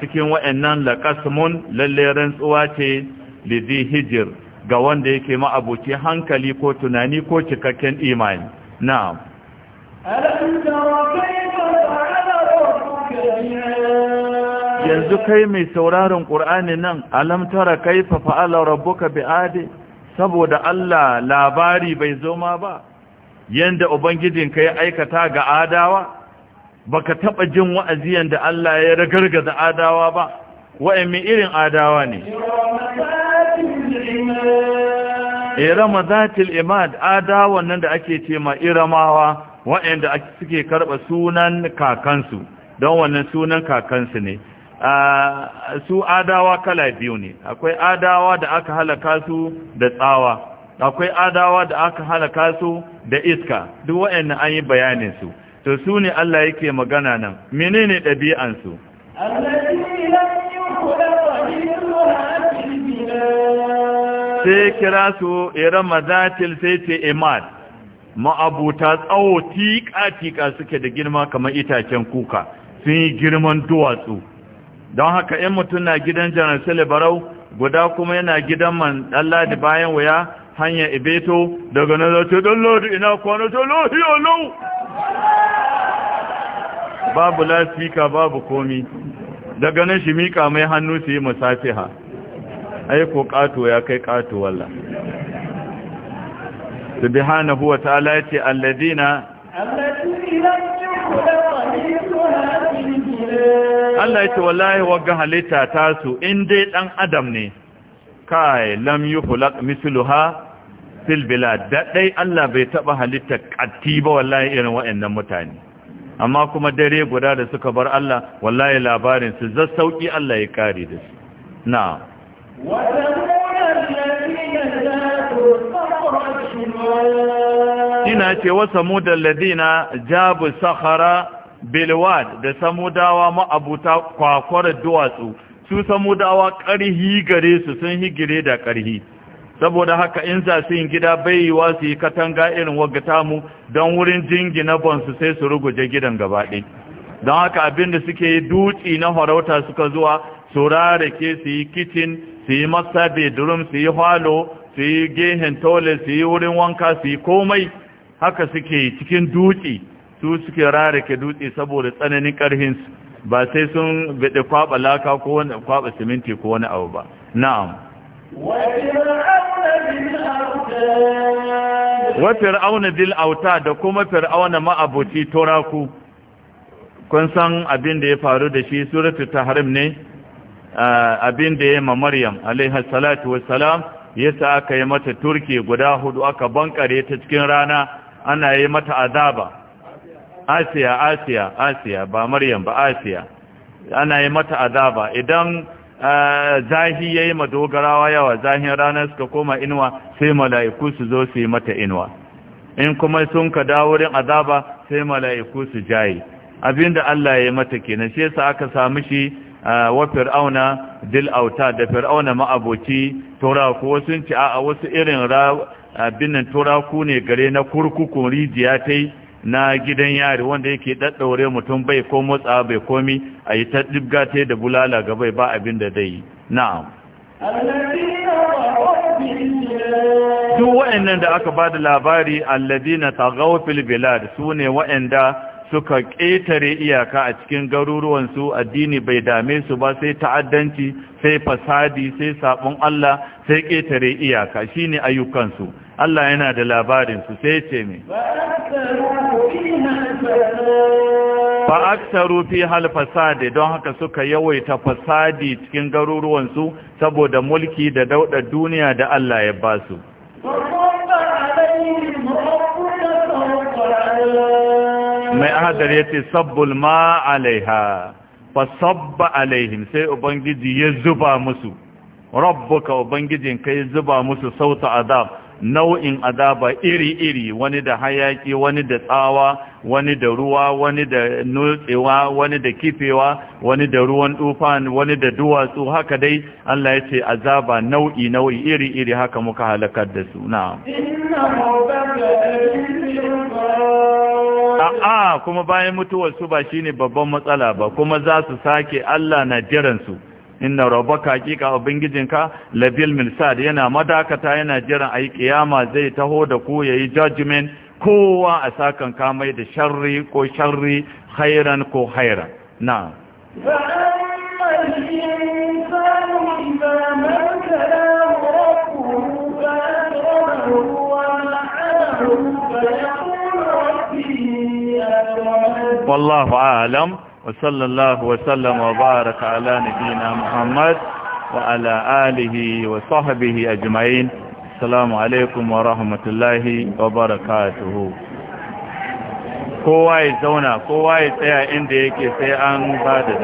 cikin wa'annan laqasmun lalle rantsuwa ce lizi hijir ga wanda yake ma'abuci hankali ko tunani ko cikakken imani na yanzu kai mai sauraron ƙur'ani nan alamtara kai fa'ala bi adi saboda Allah labari bai zo ma ba yanda ubangijin ya aikata ga adawa baka taba jin wa'aziyan da Allah ya ragargaza adawa ba wa'in irin adawa ne irama eh, zatil imad adawa nan da ake ce ma iramawa wa'inda suke karba sunan kakansu don wannan sunan kakansu ne ah, su adawa kala biyu ne akwai adawa da aka halaka su da tsawa akwai adawa da aka halaka su da iska duk wa'annan an yi bayanin su to su ne Allah yake magana nan menene ɗabi'ansu sai kira su irama mazatil sai ce imad ma'abuta tsawo tika-tika suke da girma kamar itacen kuka sun yi girman duwatsu don haka 'yan mutum na gidan janar barau guda kuma yana gidan man ɗalladi bayan waya hanyar ibeto daga nan don lori ina kwanatar lohi lau. babu lafika babu komi daga nan shi mika mai hannu su yi musafiha ai ko kato ya kai kato walla subhanahu wa ta'ala yace alladina Allah yace wallahi wagga halitta tasu in dai dan adam ne kai lam yuhlaq misluha fil bilad daɗai Allah bai taɓa halitta ƙatti ba wallahi irin waɗannan mutane amma kuma dare guda da suka bar Allah wallahi labarin su za sauki Allah ya kare da su na ina ce wa da ladina jabu sahara bilwad da samudawa ma'abuta kwakwar duwatsu su samudawa ƙarhi gare su sun higire da ƙarhi saboda haka in za su yin gida bai su yi katanga irin wagata mu don wurin jingina bonsu sai su ruguje gidan gabaɗe don haka abin da suke yi dutsi na farauta suka zuwa su rarake su yi kicin su yi masa bedroom su yi halo su yi gehen tole su yi wurin wanka su yi komai haka suke cikin dutse, su suke rarake dutse saboda tsananin ƙarhinsu ba sai sun gaɗe kwaɓa laka ko kwaɓa siminti ko wani abu ba na'am wa fir'auna dil auta da kuma fir'auna ma'abuci toraku kun san abin da ya faru da shi suratul tahrim ne abin da ya ma maryam alaiha salatu wassalam yasa aka yi mata turki guda hudu aka bankare ta cikin rana ana yi mata azaba asiya asiya asiya ba maryam ba asiya ana yi mata azaba idan Ah, zahi ya yi madogarawa yawa zahin ranar suka koma inuwa sai mala'iku su zo su yi mata inuwa in kuma sun ka dawo wurin azaba sai mala'iku su jaye abinda Allah ya yi mata kenan shi yasa aka samu shi ah, wa fir'auna dil auta da fir'auna ma'aboci turako sun ci a wasu irin binnan turaku ne gare na kurkukun rijiya ta yi na gidan yari wanda yake daddaure mutum bai ko motsa bai komi ayi yi ta dibgate da bulala ga bai ba abin da dai na'am duk wa'annan da aka ba da labari alladina tagaw fil bilad sune wa'anda suka ƙetare iyaka a cikin garuruwan su addini bai dame su ba sai ta'addanci sai fasadi sai sabon Allah sai ƙetare iyaka shine ayyukansu Allah yana da labarin su sai ce me fa aktaru fi hal fasadi don haka suka yawaita fasadi cikin garuruwan su saboda mulki da dauɗa duniya da Allah ya ba su mai ahadar yace sabbul ma alaiha fa sabba alaihim sai ubangiji ya zuba musu rabbuka ubangijinka ya zuba musu sauta azab nau'in azaba iri-iri wani da hayaki wani da tsawa wani da ruwa wani da nutsewa wani da kifewa wani da ruwan tufan wani da duwatsu haka dai Allah ya ce azaba nau'i nau'i iri-iri haka muka halakar da su na a'a kuma bayan mutuwar su ba shine babban matsala ba kuma za su sake Allah na jiran su inna rabbaka hakika ubangijinka labil milsad yana madakata yana jiran ayi kiyama zai taho da ku yayi judgment kowa a sakan kamai da sharri ko sharri khairan ko khairan na والله أعلم وصلى الله وسلم وبارك على نبينا محمد وعلى آله وصحبه أجمعين السلام عليكم ورحمة الله وبركاته kowa ya zauna kowa ya tsaya inda yake sai an ba da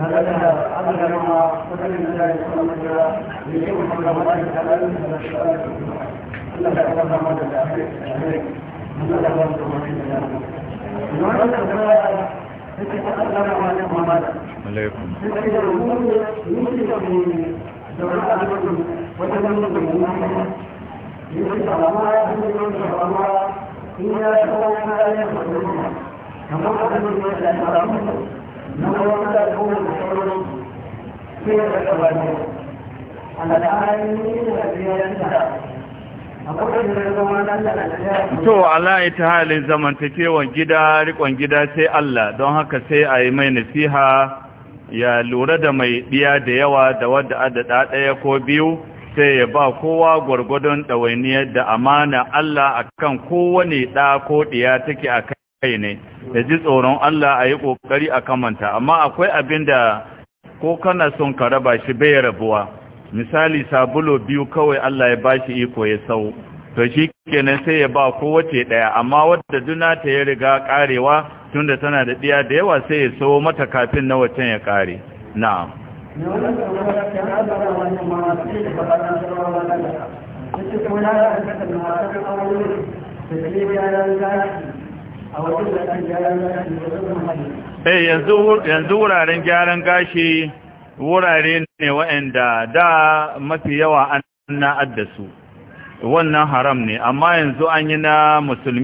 هلنا عبد مع قدر الله سبحانه ليكون الله تعالى من الشرائع الله تعالى ما تدعي الله تعالى ما تدعي عليكم. عليكم. To ala ita halin zamantakewan gida rikon gida sai Allah don haka sai a yi mai nasiha ya lura da mai ɗiya da yawa da wadda adada ɗaya ko biyu sai ya ba kowa gwargwadon ɗawainiyar da amana Allah akan kowane ɗa ko ɗiya take a kai ne ya ji tsoron Allah a yi ƙoƙari a kamanta amma akwai abin da ko kana son ka raba shi bai rabuwa misali sabulo biyu kawai Allah ya bashi iko ya sau to shi kenan sai ya ba kowace ɗaya amma wadda duna ta ya riga karewa tunda tana da ɗiya da yawa sai ya sau mata kafin na watan ya kare na'am da eh yanzu wuraren gyaran gashi wurare ne waɗanda da mafi yawa an na addasu wannan haram ne amma yanzu an yi na musulmi